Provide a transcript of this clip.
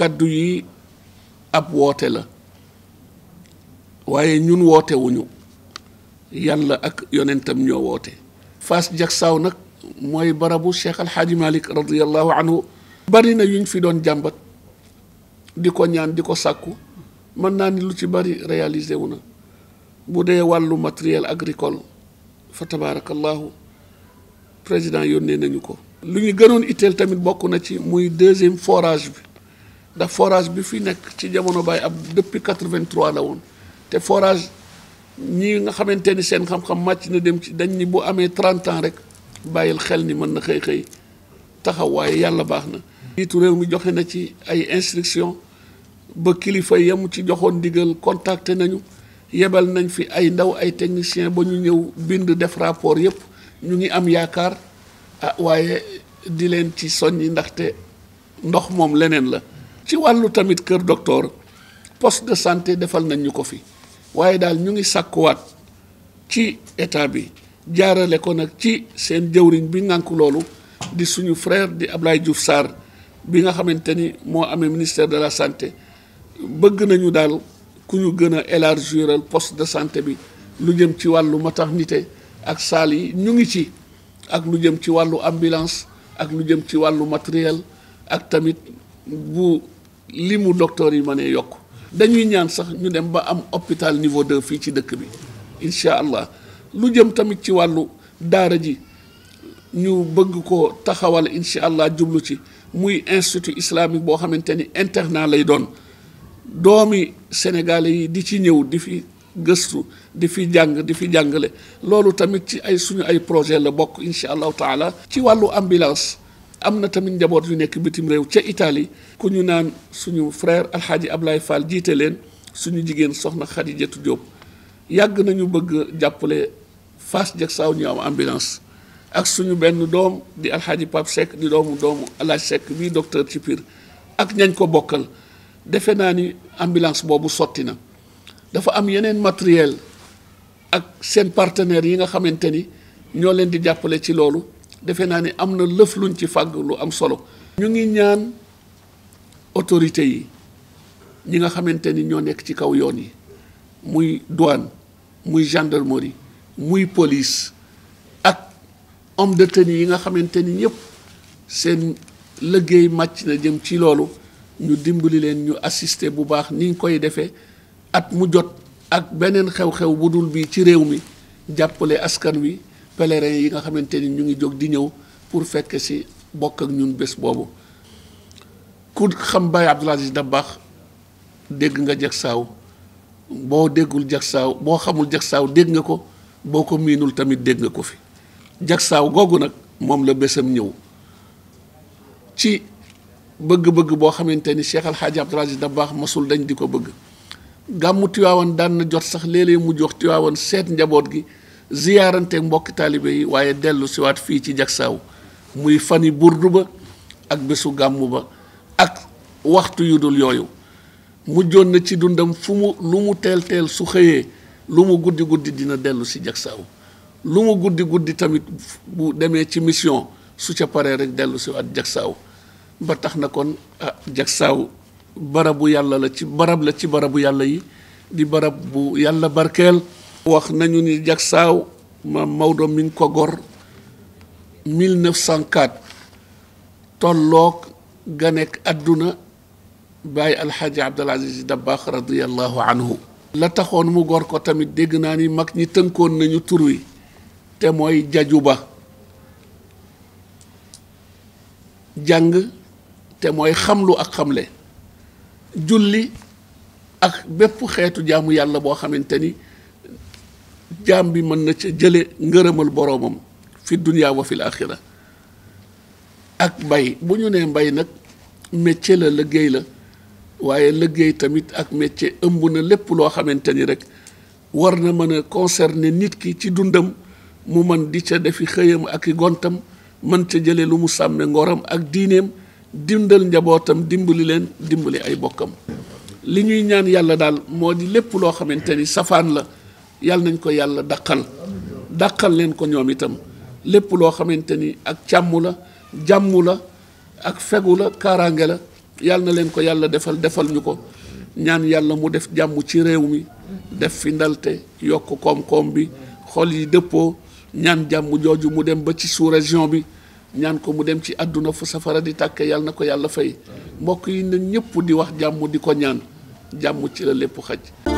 kàddu yi ab woote la waaye ñun wootewuñu wuñu yàlla ak yonentam ñoo woote Fass Jaksaaw nag mooy barabu Cheikh Alxaaji Malik radiallahu anhu bari na yuñ fi doon jàmbat di ko ñaan di ko sàkku mën naa ni lu ci bari réalisé wu na bu dee wàllu matériel agricole fa tabarakallahu président yónnee nañu ko lu ñu gënoon itteel tamit bokk na ci muy deuxième forage bi ndax forage bi fi nekk ci jamono baay ab depuis 83 la woon te forage ñi nga xamante ni seen xam-xam màcc na dem ci dañ ni bu amee 30 ans rek bàyyil xel ni mën na xëy xëy taxaw waaye yàlla baax na. njiitu réew mi joxe na ci ay instruction ba kilifa yamu ci joxoon ndigal contacté nañu yebal nañ fi ay ndaw ay technicien ba ñu ñëw bind def rapport yépp ñu ngi am yaakaar ah waaye di leen ci soññi ndaxte ndox moom leneen la. ci wàllu tamit kër docteur poste de santé defal nañ ñu ko fi waaye daal ñu ngi sàkkuwaat ci état bi jaarale ko nag ci seen jëwriñ bi ngànk loolu di suñu frère di Ablaye Diouf saar bi nga xamante ni moo amee ministère de la santé bëgg nañu daal ku ñu gën a élargiral post de santé bi lu jëm ci wàllu maternité ak saal yi ñu ngi ci ak lu jëm ci wàllu ambulance ak lu jëm ci wàllu matériel ak tamit bu li mu docteur yi ma ne yokk dañuy ñaan sax ñu dem ba am hôpital niveau de fii ci dëkk bi incha allah lu jëm tamit ci wàllu daara ji ñu bëgg ko taxawal incha allah jublu ci muy institut islamique boo xamante ni internat lay doon doomi sénégalais yi di ci ñëw di fi gëstu di fi jàng di fi jàngale loolu tamit ci ay suñu ay projet la bokk incha allahu taala ci wàllu ambulance am na tamit njaboot yu nekk bitim réew ca Italie ku ñu naan suñu frère alxaaji Ablaye Fall jiite leen suñu jigéen soxna Xadijatu Diop yàgg nañu bëgg jàppale Fass Diacksao ñu am ambulance ak suñu benn doom di alxaaji Pape Seck di doomu doomu Alaaji Seck bii docteur ci Pire ak ñañ ko bokkal defe naa ni ambulance boobu sotti na dafa am yeneen matériel ak seen partenaires yi nga xamante ni ñoo leen di jàppale ci loolu defe naa ni am na lëf luñ ci fàgg lu am solo. ñu ngi ñaan autorité yi ñi nga xamante ni ñoo nekk ci kaw yoon yi muy douane muy gendarmerie muy police ak homme de tenue yi nga xamante ni ñëpp seen liggéey màcc na jëm ci loolu ñu dimbali leen ñu assisté bu baax niñ koy defee at mu jot ak beneen xew-xew bu dul bii ci réew mi jàppale askan wi. pèlerins yi nga xamante ni ñu ngi jóg di ñëw pour fekk si bokk ak ñun bés boobu ku xam Baye Abdoul Aziz baax dégg nga jag saaw boo déggul jag saaw boo xamul jag saaw dégg nga ko boo ko miinul tamit dégg nga ko fi jag saaw googu nag moom la bésam ñëw ci bëgg-bëgg boo xamante ni Cheikh Al Hadj da baax masul dañ di ko bëgg gàmmu Tiwaawan daan na jot sax léeg-léeg mu jox Tiwaawan seet njaboot gi ziyaaranteeg mbokki taalibe yi waaye dellu siwaat fii ci jagsaaw muy fan yi burdu ba ak bésu gàmm ba ak waxtu yu dul yooyu mujjoon na ci dundam fu mu lu mu teel teel su xëyee lu mu guddi guddi dina dellu si jagsaaw lu mu guddi guddi tamit bu demee ci mission su ca paree rek dellu siwaat jagsaaw ba tax na kon ah jagsaaw barabu yàlla la ci barab la ci barabu yàlla yi di barab bu yàlla barkeel wax nañu ni Jaksaaw maam Maodo mi ko gor 1904 ga nekk àdduna bàyyi alxaaji Abdul Aziz radiallahu anhu la taxoon mu gor ko tamit dégg naa ni mag ñi tënkoon nañu tur wi te mooy jaju ba jàng te mooy xamlu ak xamle julli ak bépp xeetu jaamu yàlla boo xamante ni jaam bi mën na ca jële ngërëmal boroomam fi dunya wa fil axira ak mbay bu ñu nee mbay nag métier la liggéey la waaye liggéey tamit ak métier ëmb na lépp loo xamante ni rek war na mën a concerner nit ki ci dundam mu man di ca defi xëyam ak i gontam mën ca jële lu mu sàmme ngoram ak diineem dindal njabootam dimbali leen dimbali ay bokkam li ñuy ñaan yàlla daal moo di lépp loo xamante ni safaan la yàlla nañ ko yàlla dàqal dàqal leen ko ñoom itam lépp loo xamante ni ak càmm la jàmm la ak fegu la kaaraange la yàlla na leen ko yàlla defal defal ñu ko ñaan yàlla mu def jàmm ci réew mi def fi ndalte yokk koom-koom bi xol yi dëppoo ñaan jàmm jooju mu dem ba ci sous-région bi ñaan ko mu dem ci àdduna fu safara di tàkke yàlla na ko yàlla fay mbokk yi na ñëpp di wax jàmm di ko ñaan jàmm ci la lépp xaj